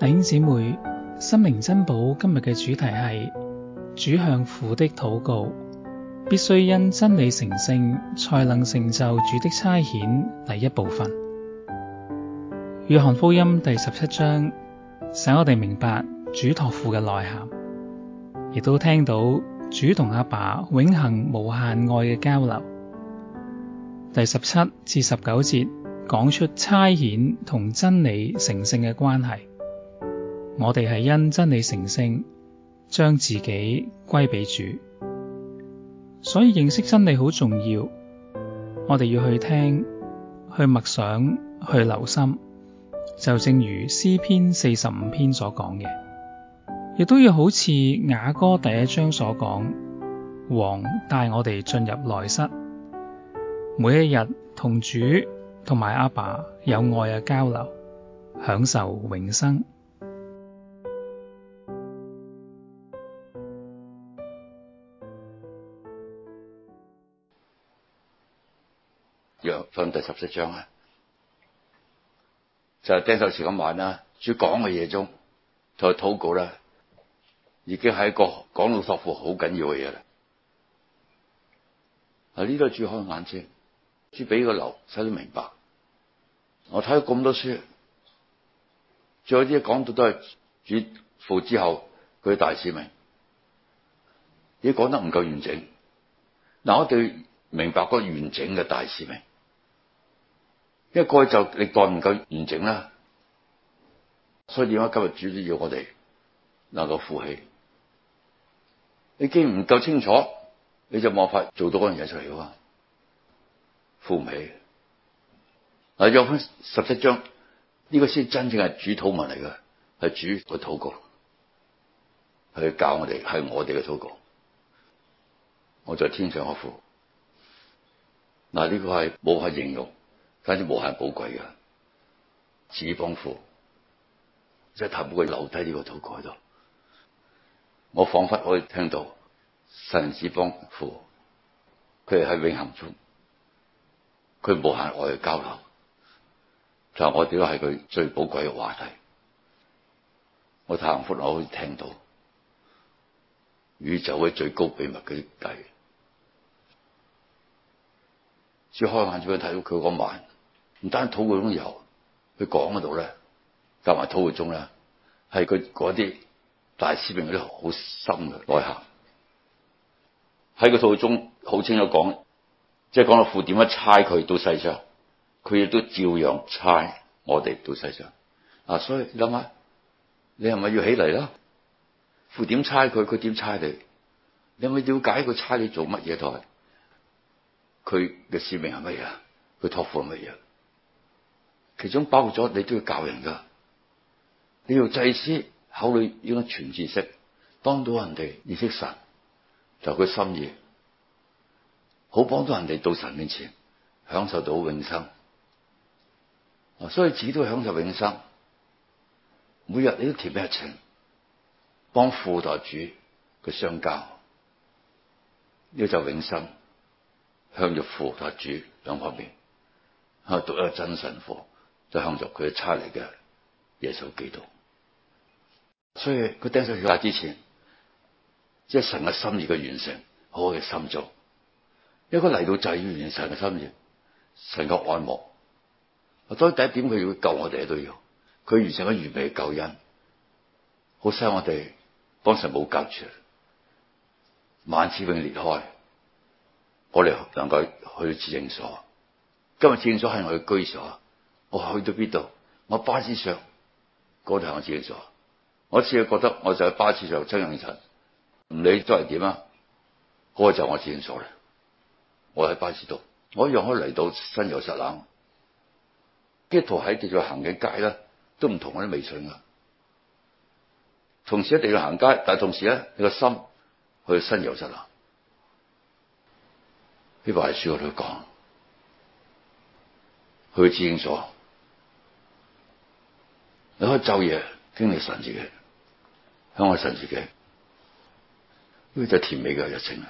弟兄姊妹，心靈珍寶今日嘅主題係主向父的禱告，必須因真理成聖，才能成就主的差遣。第一部分，約翰福音第十七章，使我哋明白主托付嘅內涵，亦都聽到主同阿爸，爸永恆無限愛嘅交流。第十七至十九節講出差遣同真理成聖嘅關係。我哋係因真理成聖，將自己歸俾主，所以認識真理好重要。我哋要去聽、去默想、去留心，就正如詩篇四十五篇所講嘅，亦都要好似雅歌第一章所講，王帶我哋進入內室，每一日同主同埋阿爸有愛嘅交流，享受永生。第十四章啊，就係丁壽時咁玩啦。主講嘅嘢，中同佢禱告啦，已經係一個講道授課好緊要嘅嘢啦。啊，呢度主開眼睛，主俾個劉使佢明白。我睇咗咁多書，仲有啲講到都係主父之後佢大使命，啲講得唔夠完整。嗱，我哋明白嗰完整嘅大使命。一個就你蓋唔夠完整啦，所以點解今日主都要我哋能夠負起？你既然唔夠清楚，你就冇法做到嗰樣嘢出嚟噶嘛？負唔起？嗱，約翰十七章，呢、這個先真正係主禱文嚟嘅，係主嘅禱告，佢教我哋，係我哋嘅禱告。我在天上嘅父？嗱，呢個係冇法形容。簡直無限寶貴噶，子向父即係太寶貴，留低呢個禱告度，我仿佛可以聽到神子向父，佢係喺永恒中，佢無限愛嘅交流，就我哋都係佢最寶貴嘅話題。我太幸福，我可以聽到宇宙嘅最高秘密嘅啲計，只要開眼，只要睇到佢嗰晚。唔單土會中游，佢講嗰度咧，夾埋土會中咧，係佢嗰啲大使命啲好深嘅內涵。喺個土會中好清楚講，即係講到父點樣差佢到世上，佢亦都照樣差我哋到世上。嗱、啊，所以你諗下，你係咪要起嚟啦？父點差佢，佢點差你？你可唔可以了解佢差你做乜嘢台？佢嘅使命係乜嘢？佢托付係乜嘢？其中包括咗你都要教人噶，你要祭司，考慮應該全知識，幫到人哋認識神，就佢心意，好幫到人哋到神面前享受到永生，所以自己都享受永生。每日你都填日情，幫父同主佢相交，呢就永生向住父同主兩方面，吓讀一個真神課。在向著佢差嚟嘅耶穌基督，所以佢釘上血架之前，即係成個心意嘅完成，好嘅心作。應該嚟到就要完成神嘅心意，神嘅愛慕。當然第一點，佢要救我哋都要佢完成咗完美嘅救恩，好衰我哋當時冇隔住，幔子永裂開，我哋能夠去至聖所。今日至聖所係我哋嘅居所。我去到邊度？我巴士上嗰度，我自己坐。我只係覺得，我就喺巴士上經歷神，唔理周圍點啊。嗰個就我自己坐啦。我喺巴士度，我一樣可以嚟到新耶路撒冷。呢套喺繼續行緊街咧，都唔同我啲微蠢噶。同時一定要行街，但係同時咧，你個心去新耶路撒冷。啲壞書我都講，去至聖所。你可以晝夜經歷神自己，向我神自己，呢個就甜美嘅日程啦。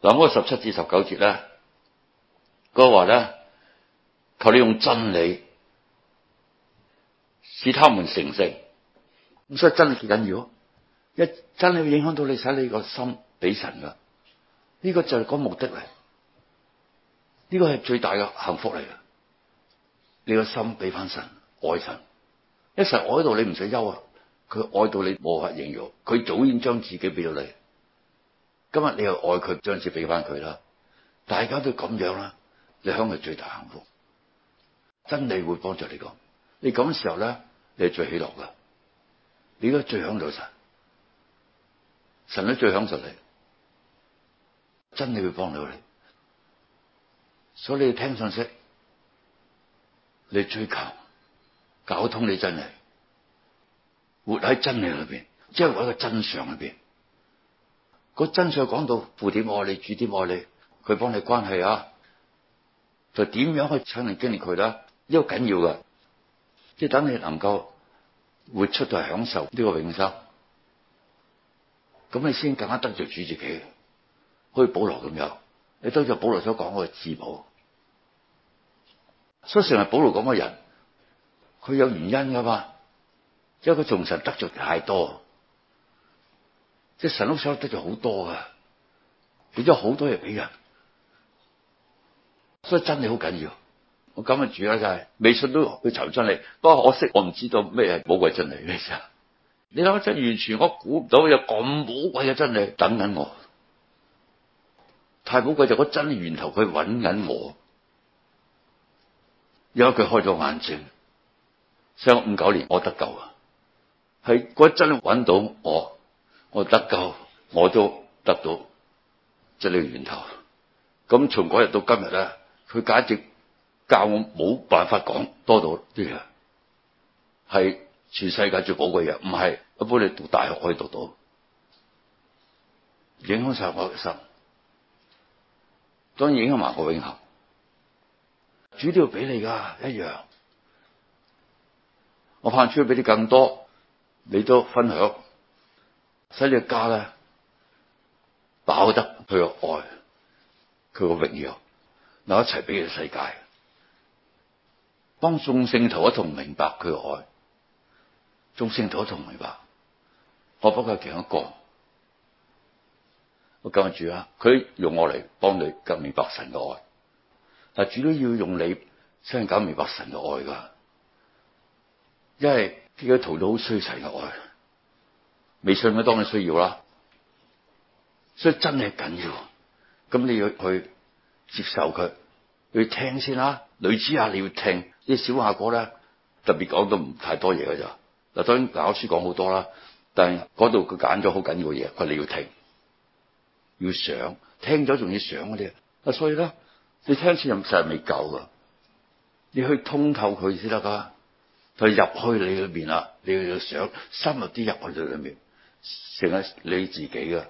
嗱，我十七至十九節咧，佢話咧，求你用真理使他們成聖。咁所以真理幾緊要？一真理會影響到你使你個心俾神噶，呢、這個就係個目的嚟，呢、這個係最大嘅幸福嚟噶，你個心俾翻神。愛神，一實愛到你唔使憂啊！佢愛到你無法形容，佢早已經將自己俾咗你。今日你又愛佢，將自己俾翻佢啦。大家都咁樣啦，你享係最大幸福，真理會幫助你講。你咁嘅時候咧，你係最喜樂噶，你而家最享到神，神都最享受你，真理會幫到你。所以你要聽信息，你追求。搞通你真係活喺真理裏邊，即係活喺個真相裏邊。個真相講到父點愛你，主點愛你，佢幫你關係啊，就點樣去以親身經歷佢啦？呢個緊要嘅，即係等你能夠活出到享受呢個永生，咁你先更加得著主自己。好似保羅咁樣，你都係保羅所講嘅治保，所以成日保羅咁嘅人。佢有原因噶嘛？因為佢眾神得罪太多，即係神屋所得罪好多啊，俾咗好多嘢俾人，所以真理好緊要。我咁樣住啊、就是，就係未信都去求真理，不過可惜我唔知道咩係寶貴真理咩事。」你諗真完全，我估唔到有咁寶貴嘅真理等緊我。太寶貴就嗰真理源頭，佢揾緊我，因為佢開咗眼睛。上五九年，我得救啊！係嗰陣揾到我，我得救，我都得到，即係呢個源頭。咁從嗰日到今日咧，佢簡直教我冇辦法講多到啲啦。係全世界最寶貴嘅嘢，唔係一般你讀大學可以讀到，影響晒我嘅心，當然影響埋我永恒。主都要俾你噶，一樣。我怕出俾你更多，你都分享，使你家咧飽得佢個愛，佢個榮耀，嗱一齊俾佢世界，幫眾聖徒一同明白佢個愛，眾聖徒一同明白，我不過其中一個，我今日主啊，佢用我嚟幫你更明白神嘅愛，但主都要用你先搞明白神嘅愛噶。因係啲嘢淘都好衰，齊落去，未信佢當然需要啦，所以真係緊要，咁你要去接受佢，去聽先啦。女子啊，你要聽啲小下哥咧，特別講到唔太多嘢嘅咋。嗱，當然教書講好多啦，但係嗰度佢揀咗好緊要嘅嘢，佢你要聽，要想，聽咗仲要想嗰啲啊，所以咧，你聽先入神未夠噶，你去通透佢先得啊。佢入去你裏邊啦，你要想深入啲入去佢裏邊，成個你自己噶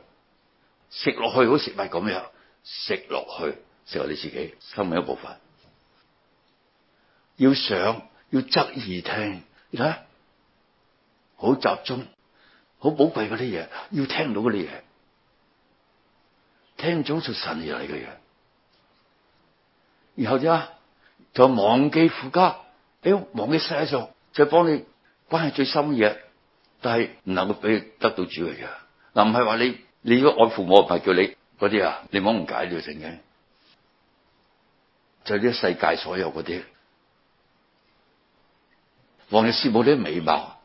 食落去，好似食物咁樣食落去，食下你自己，心嘅一部分。要想，要側耳聽，你睇，好集中，好寶貴嗰啲嘢，要聽到嗰啲嘢，聽咗就神嚟嘅嘢。然後點就忘記父家，哎，忘記世上。就幫你關係最深嘅，但係唔能夠俾佢得到主嚟嘅。嗱、啊，唔係話你你如果愛父母唔係叫你嗰啲啊，你講唔解了成嘅。就呢、是、世界所有嗰啲，王就羨慕你嘅美貌，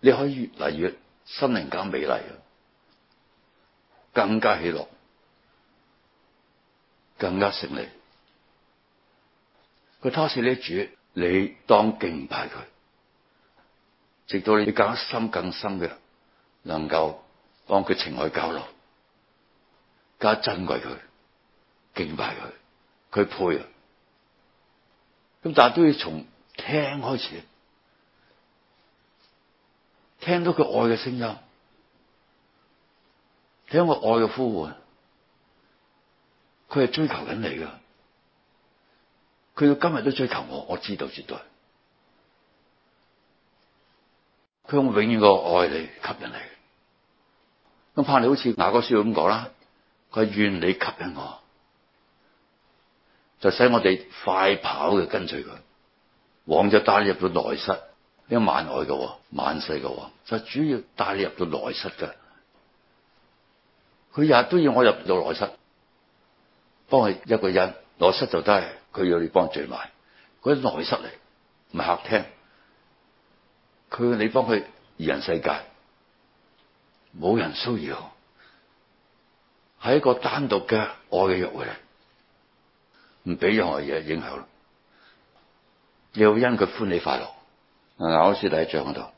你可以越嚟越心靈更美麗啊，更加喜樂，更加勝利。佢他是你嘅主。你當敬拜佢，直到你更深更深嘅能夠當佢情愛交流，更加珍貴佢，敬拜佢，佢配呀。咁但係都要從聽開始，聽到佢愛嘅聲音，聽到愛嘅呼喚，佢係追求緊你噶。佢到今日都追求我，我知道絕對。佢永遠個愛你吸引你，咁怕你好似雅歌書咁講啦，佢係願你吸引我，就使我哋快跑嘅跟隨佢，王就帶你入到內室，呢個萬愛嘅，萬世嘅，就主要帶你入到內室嘅。佢日都要我入到內室，幫佢一個人內室就得。佢要你幫聚埋，佢喺內室嚟，唔係客廳。佢要你幫佢二人世界，冇人騷擾，係一個單獨嘅愛嘅約會，唔俾任何嘢影響咯。你要因佢歡喜快樂。嗱、嗯，好似第一章嗰度。